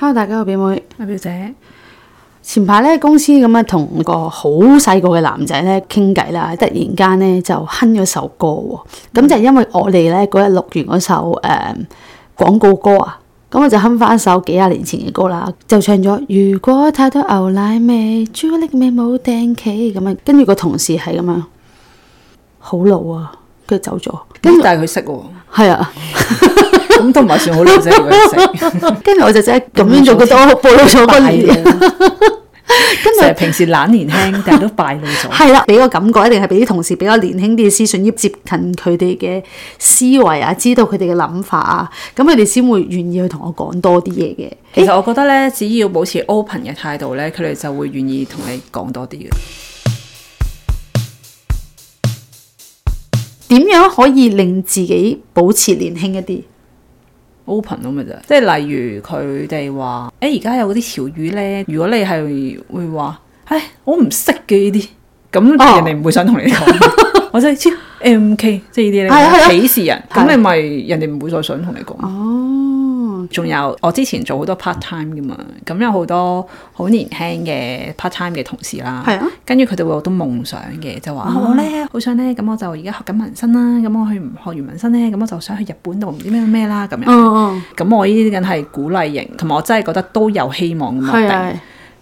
hello，大家好，表妹，阿表姐，前排咧公司咁啊，同個好細個嘅男仔咧傾偈啦，突然間咧就哼咗首歌喎，咁、嗯、就係因為我哋咧嗰日錄完嗰首誒廣、嗯、告歌啊，咁我就哼翻首幾廿年前嘅歌啦，就唱咗如果太多牛奶味，朱古力味冇訂期，咁啊，跟住個同事係咁樣好老啊，跟住走咗，跟住但係佢識喎，係啊。 咁都唔係算好靚仔，跟住我姐姐咁樣做仲覺得暴露咗骨力，跟住平時懶年輕，但係都敗露咗。係啦，俾個感覺一定係俾啲同事比較年輕啲嘅資訊，要接近佢哋嘅思維啊，知道佢哋嘅諗法啊，咁佢哋先會願意去同我講多啲嘢嘅。其實我覺得咧，只要保持 open 嘅態度咧，佢哋就會願意同你講多啲嘅。點樣可以令自己保持年輕一啲？open 咁嘅咋？即係例如佢哋話，誒而家有嗰啲潮語咧，如果你係會話，唉，我唔識嘅呢啲，咁、oh. 人哋唔會想同你講。 我真係超 MK，即係呢啲咧，鄙視人，咁 你咪 人哋唔會再想同你講。Oh. 仲有我之前做好多 part time 嘅嘛，咁、嗯、有好多好年輕嘅 part time 嘅同事啦，跟住佢哋會有好多夢想嘅，就話我咧好想咧，咁我就而家學緊文身啦，咁我去唔學完文身咧，咁我就想去日本度唔知咩咩啦咁樣，咁、嗯嗯、我呢啲梗係鼓勵型，同埋我真係覺得都有希望咁樣，咁是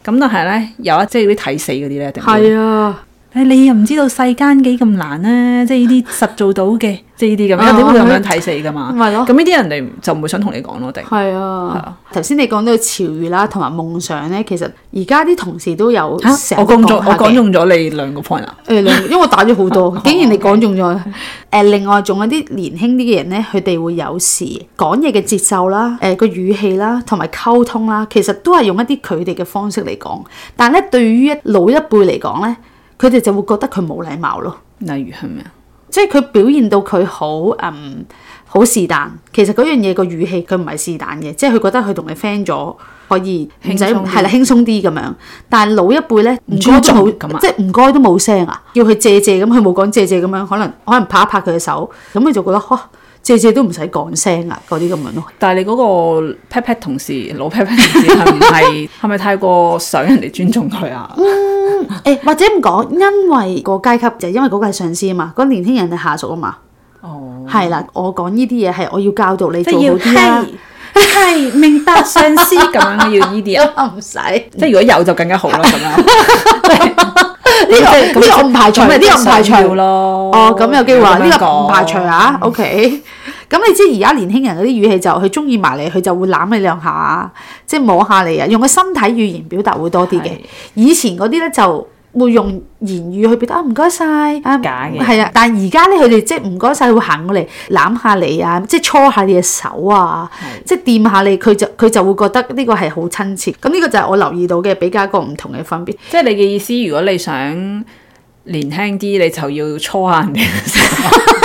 但係咧有一即係啲睇死嗰啲咧，係啊。你又唔知道世間幾咁難咧、啊，即係呢啲實做到嘅，即係呢啲咁，因為點會咁樣睇死㗎嘛？咪咯咁呢啲人哋就唔會想同你講我哋係啊，頭先你講到潮語啦，同埋夢想咧，其實而家啲同事都有都、啊、我講中我講中咗你兩個 point 啊。誒兩，因為我打咗好多， 竟然你講中咗誒。 另外仲有啲年輕啲嘅人咧，佢哋會有時講嘢嘅節奏啦、誒個語氣啦，同埋溝通啦，其實都係用一啲佢哋嘅方式嚟講，但係咧對於老一輩嚟講咧。佢哋就會覺得佢冇禮貌咯，例如係咪？啊？即係佢表現到佢好嗯好是但，其實嗰樣嘢個語氣佢唔係是但嘅，即係佢覺得佢同你 friend 咗可以唔使係啦輕鬆啲咁樣。但係老一輩咧唔尊重，即係唔該都冇聲啊，叫佢借借咁佢冇講借借咁樣，可能可能拍一拍佢嘅手，咁佢就覺得嚇、哦、借借都唔使講聲啊嗰啲咁樣咯。但係你嗰個 pat pat 同事老 pat pat 同事係咪 太過想人哋尊重佢啊？ 誒，或者咁講，因為個階級就係，因為嗰個係上司啊嘛，嗰個年輕人係下屬啊嘛。哦，係啦，我講呢啲嘢係我要教導你做好啲啊，係明白上司咁樣，我要呢啲啊，唔使。即係如果有就更加好啦，咁樣。呢、這個呢思個唔排除呢對個唔排除咯。哦，咁有機會話，呢對個唔排除啊。OK，咁你知而家年輕人嗰啲語氣就佢中意埋你，佢就會攬你兩下，即、就、係、是、摸下你啊，用個身體語言表達會多啲嘅。是以前嗰啲咧就～會用言語去表達唔該曬，係啊！假的 啊但係而家咧，佢哋即係唔該晒。就是、的會行過嚟攬下你啊，即係搓下你隻手啊，即係掂下你，佢就佢就會覺得呢個係好親切。咁呢個就係我留意到嘅比較一個唔同嘅分別。即係你嘅意思，如果你想年輕啲，你就要搓下人哋。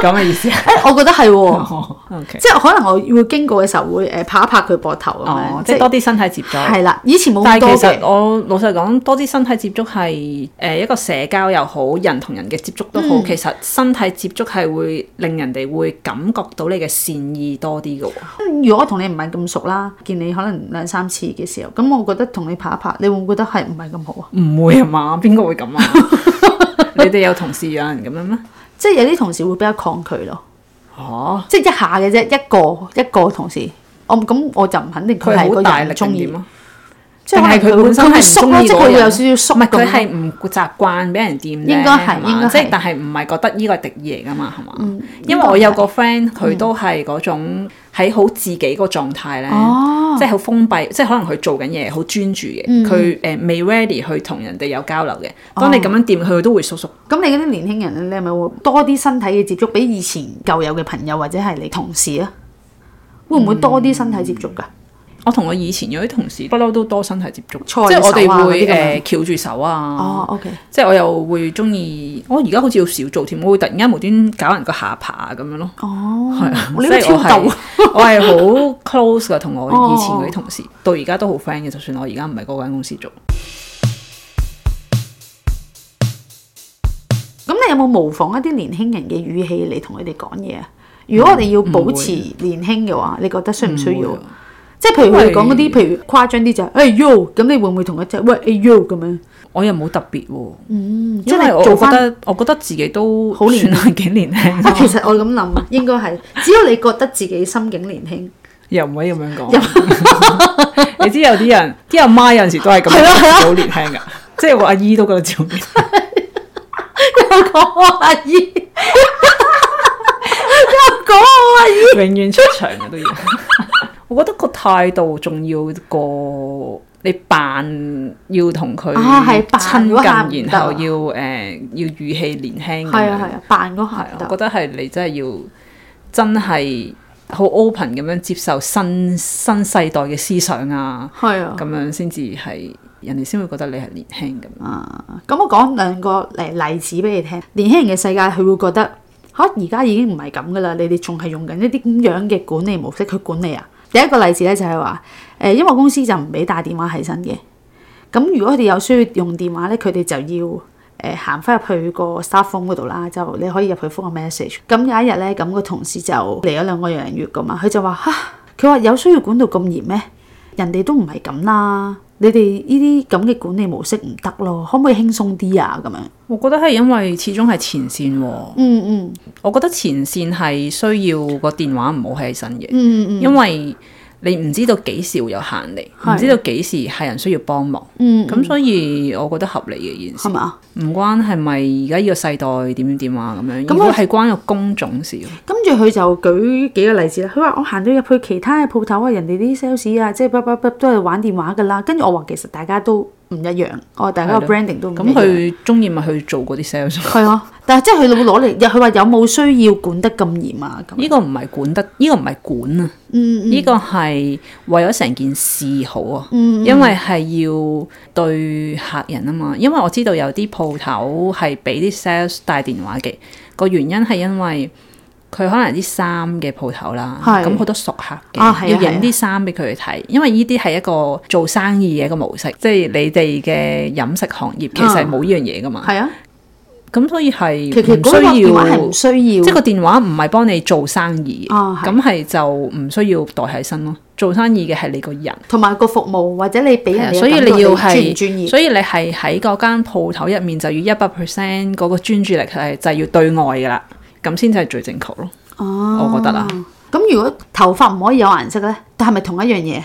咁嘅意思啊？誒，我覺得係喎，即係可能我會經過嘅時候會誒拍一拍佢膊頭啊，即係多啲身體接觸。係啦，以前冇。但係其實我老實講，多啲身體接觸係誒一個社交又好，人同人嘅接觸都好。其實身體接觸係會令人哋會感覺到你嘅善意多啲嘅喎。如果我同你唔係咁熟啦，見你可能兩三次嘅時候，咁我覺得同你拍一拍，你會唔會覺得係唔係咁好啊？唔會啊嘛，邊個會咁啊？你哋有同事有人咁樣咩？即係有啲同事會比較抗拒咯，嚇、哦！即係一下嘅啫，一個一個同事，我咁我就唔肯定佢係個人唔鍾意。即係佢本身係縮，即係佢會有少少縮。唔係佢係唔習慣俾人掂咧，應該係應該係。即係但係唔係覺得呢個係敵意嚟噶嘛，係嘛？因為我有個 friend 佢都係嗰種喺好自己個狀態咧，即係好封閉，即係可能佢做緊嘢好專注嘅，佢誒未 ready 去同人哋有交流嘅。當你咁樣掂佢，佢都會縮縮。咁你嗰啲年輕人咧，你係咪會多啲身體嘅接觸，比以前舊有嘅朋友或者係你同事啊？會唔會多啲身體接觸㗎？我同我以前有啲同事不嬲都多身體接觸，即係我哋會誒翹住手啊。哦、呃啊 oh,，OK。即係我又會鍾意，我而家好似要少做添，我會突然間無端搞人個下巴咁樣咯。哦、oh, 係啊。即係我係我係好 close 嘅，同我以前嗰啲同事 oh, oh. 到而家都好 friend 嘅，就算我而家唔係嗰間公司做。咁你有冇模仿一啲年輕人嘅語氣嚟同佢哋講嘢啊？嗯、如果我哋要保持年輕嘅話，嗯、你覺得需唔需要？即係譬如我哋講嗰啲，譬如誇張啲就係誒 you 咁你會唔會同佢一隻喂 you 咁樣？我又冇特別喎。嗯，即係我覺得我覺得自己都好年幾年輕。其實我咁諗，應該係只要你覺得自己心境年輕，又唔可以咁樣講。你知有啲人啲阿媽有陣時都係咁樣好年輕㗎，即係我阿姨都覺得自己年輕。又講我阿姨，又講我阿姨，永遠出場嘅都要。我覺得個態度重要過你扮要同佢親近，啊、然後要誒、啊啊、要語氣年輕，係啊係啊，扮嗰下我覺得係你真係要真係好 open 咁樣接受新新世代嘅思想啊，係啊，咁樣先至係人哋先會覺得你係年輕咁啊。咁我講兩個誒例子俾你聽，年輕人嘅世界佢會覺得嚇而家已經唔係咁噶啦，你哋仲係用緊一啲咁樣嘅管理模式去管理啊。第一個例子咧，就係話，誒，因為公司就唔俾帶電話起身嘅，咁如果佢哋有需要用電話咧，佢哋就要誒行翻入去個 staff room 嗰度啦，就你可以入去復個 message。咁有一日咧，咁、嗰個同事就嚟咗兩個月嘅月咁嘛，佢就話吓，佢、啊、話有需要管到咁嚴咩？人哋都唔係咁啦。你哋呢啲咁嘅管理模式唔得咯，可唔可以輕鬆啲啊？咁樣我覺得係因為始終係前線喎。嗯嗯，我覺得前線係需要個電話唔好喺身嘅。嗯，嗯嗯，因為。你唔知道幾時會有閒嚟，唔的知道幾時客人需要幫忙，咁、嗯嗯嗯、所以我覺得合理嘅件事，唔吧關係咪而家呢個世代點點點啊咁樣，咁佢係關個工種事。跟住佢就舉幾個例子啦，佢話我行到入去其他嘅鋪頭啊，人哋啲 sales 啊，即係卜卜卜都係玩電話噶啦，跟住我話其實大家都，唔一樣，我哋嗰個 branding 的都唔一樣。咁佢中意咪去做嗰啲 sales？係啊，但係即係佢會攞嚟，佢話 有冇需要管得咁嚴啊？咁呢個唔係管得，呢、這個唔係管啊。呢、嗯嗯、個係為咗成件事好啊，嗯嗯嗯因為係要對客人啊嘛。因為我知道有啲鋪頭係俾啲 sales 帶電話嘅，個原因係因為。佢可能啲衫，嘅鋪頭啦，咁好是多熟客嘅，啊啊、要影啲衫俾佢去睇。啊啊、因為呢啲係一個做生意嘅一個模式，即係你哋嘅飲食行業其實冇呢樣嘢噶嘛。係啊，咁所以係其實嗰個電話係唔需要，即係個電話唔係幫你做生意。咁係、啊啊、就唔需要代替身咯。做生意嘅係你個人，同埋個服務或者你俾人、啊、所以你要係專唔專業。所以你係喺嗰間鋪頭入面就要一百 percent 嗰個專注力係就係要對外噶啦。咁先至係最正確咯。哦，我覺得啦。咁如果頭髮唔可以有顏色咧，係咪同一樣嘢？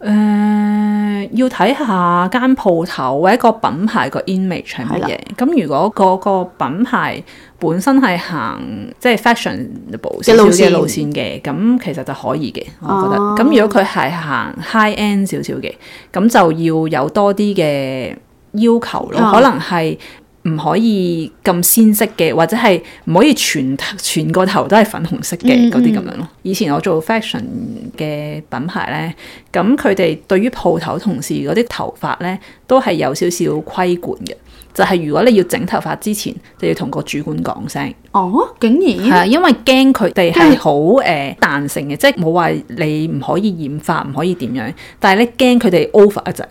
誒、呃，要睇下間鋪頭或者個品牌個 image 係乜嘢。咁的如果嗰個品牌本身係行即係、就是、fashion 嘅路線嘅，咁其實就可以嘅。我覺得。咁、哦、如果佢係行 high end 少少嘅，咁就要有多啲嘅要求咯。嗯、可能係。唔可以咁鮮色嘅，或者係唔可以全全個頭都係粉紅色嘅嗰啲咁樣咯。以前我做 fashion 嘅品牌咧，咁佢哋對於鋪頭同事嗰啲頭髮咧，都係有少少規管嘅。就係如果你要整頭髮之前，就要同個主管講聲。哦，竟然係因為驚佢哋係好誒彈性嘅，即係冇話你唔可以染髮，唔可以點樣，但係咧驚佢哋 over 一陣，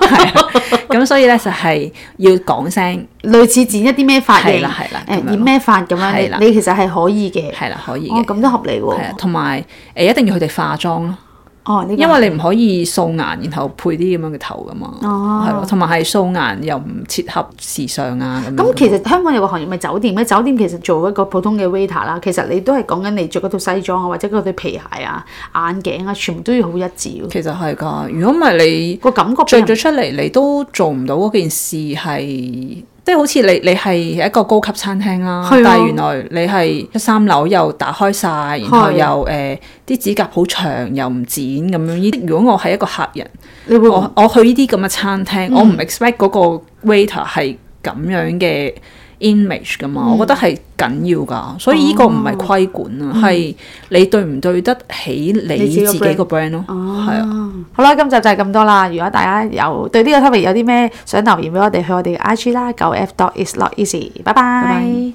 係啊， 咁所以咧就係、係、要講聲，類似剪一啲咩髮型，係啦，係啦，誒染咩髮咁樣，你的你其實係可以嘅，係啦，可以，咁都、哦、合理喎，同埋誒一定要佢哋化妝咯。哦，這個、因為你唔可以素顏，然後配啲咁樣嘅頭㗎嘛，係咯、哦，同埋係素顏又唔切合時尚啊咁。咁其實香港有個行業咪酒店咩？酒店其實做一個普通嘅 waiter 啦，其實你都係講緊你着嗰套西裝啊，或者嗰對皮鞋啊、眼鏡啊，全部都要好一致。其實係㗎，如果唔係你個感覺着咗出嚟，你都做唔到嗰件事係。即係好似你你係一個高級餐廳啦、啊，啊、但係原來你係一三樓又打開晒，啊、然後又誒啲、呃、指甲好長又唔剪咁樣。如果我係一個客人，你會我我去呢啲咁嘅餐廳，嗯、我唔 expect 嗰個 waiter 係咁樣嘅。嗯。Image 噶嘛，嗯、我覺得係緊要噶，所以呢個唔係規管啊，係、哦嗯、你對唔對得起你自己個 brand、啊、你個 brand 咯的，係啊、哦。好啦，今集就係咁多啦。如果大家有對呢個 topic 有啲咩想留言俾我哋，去我哋嘅 IG 啦，9F dot is not easy bye bye。拜拜。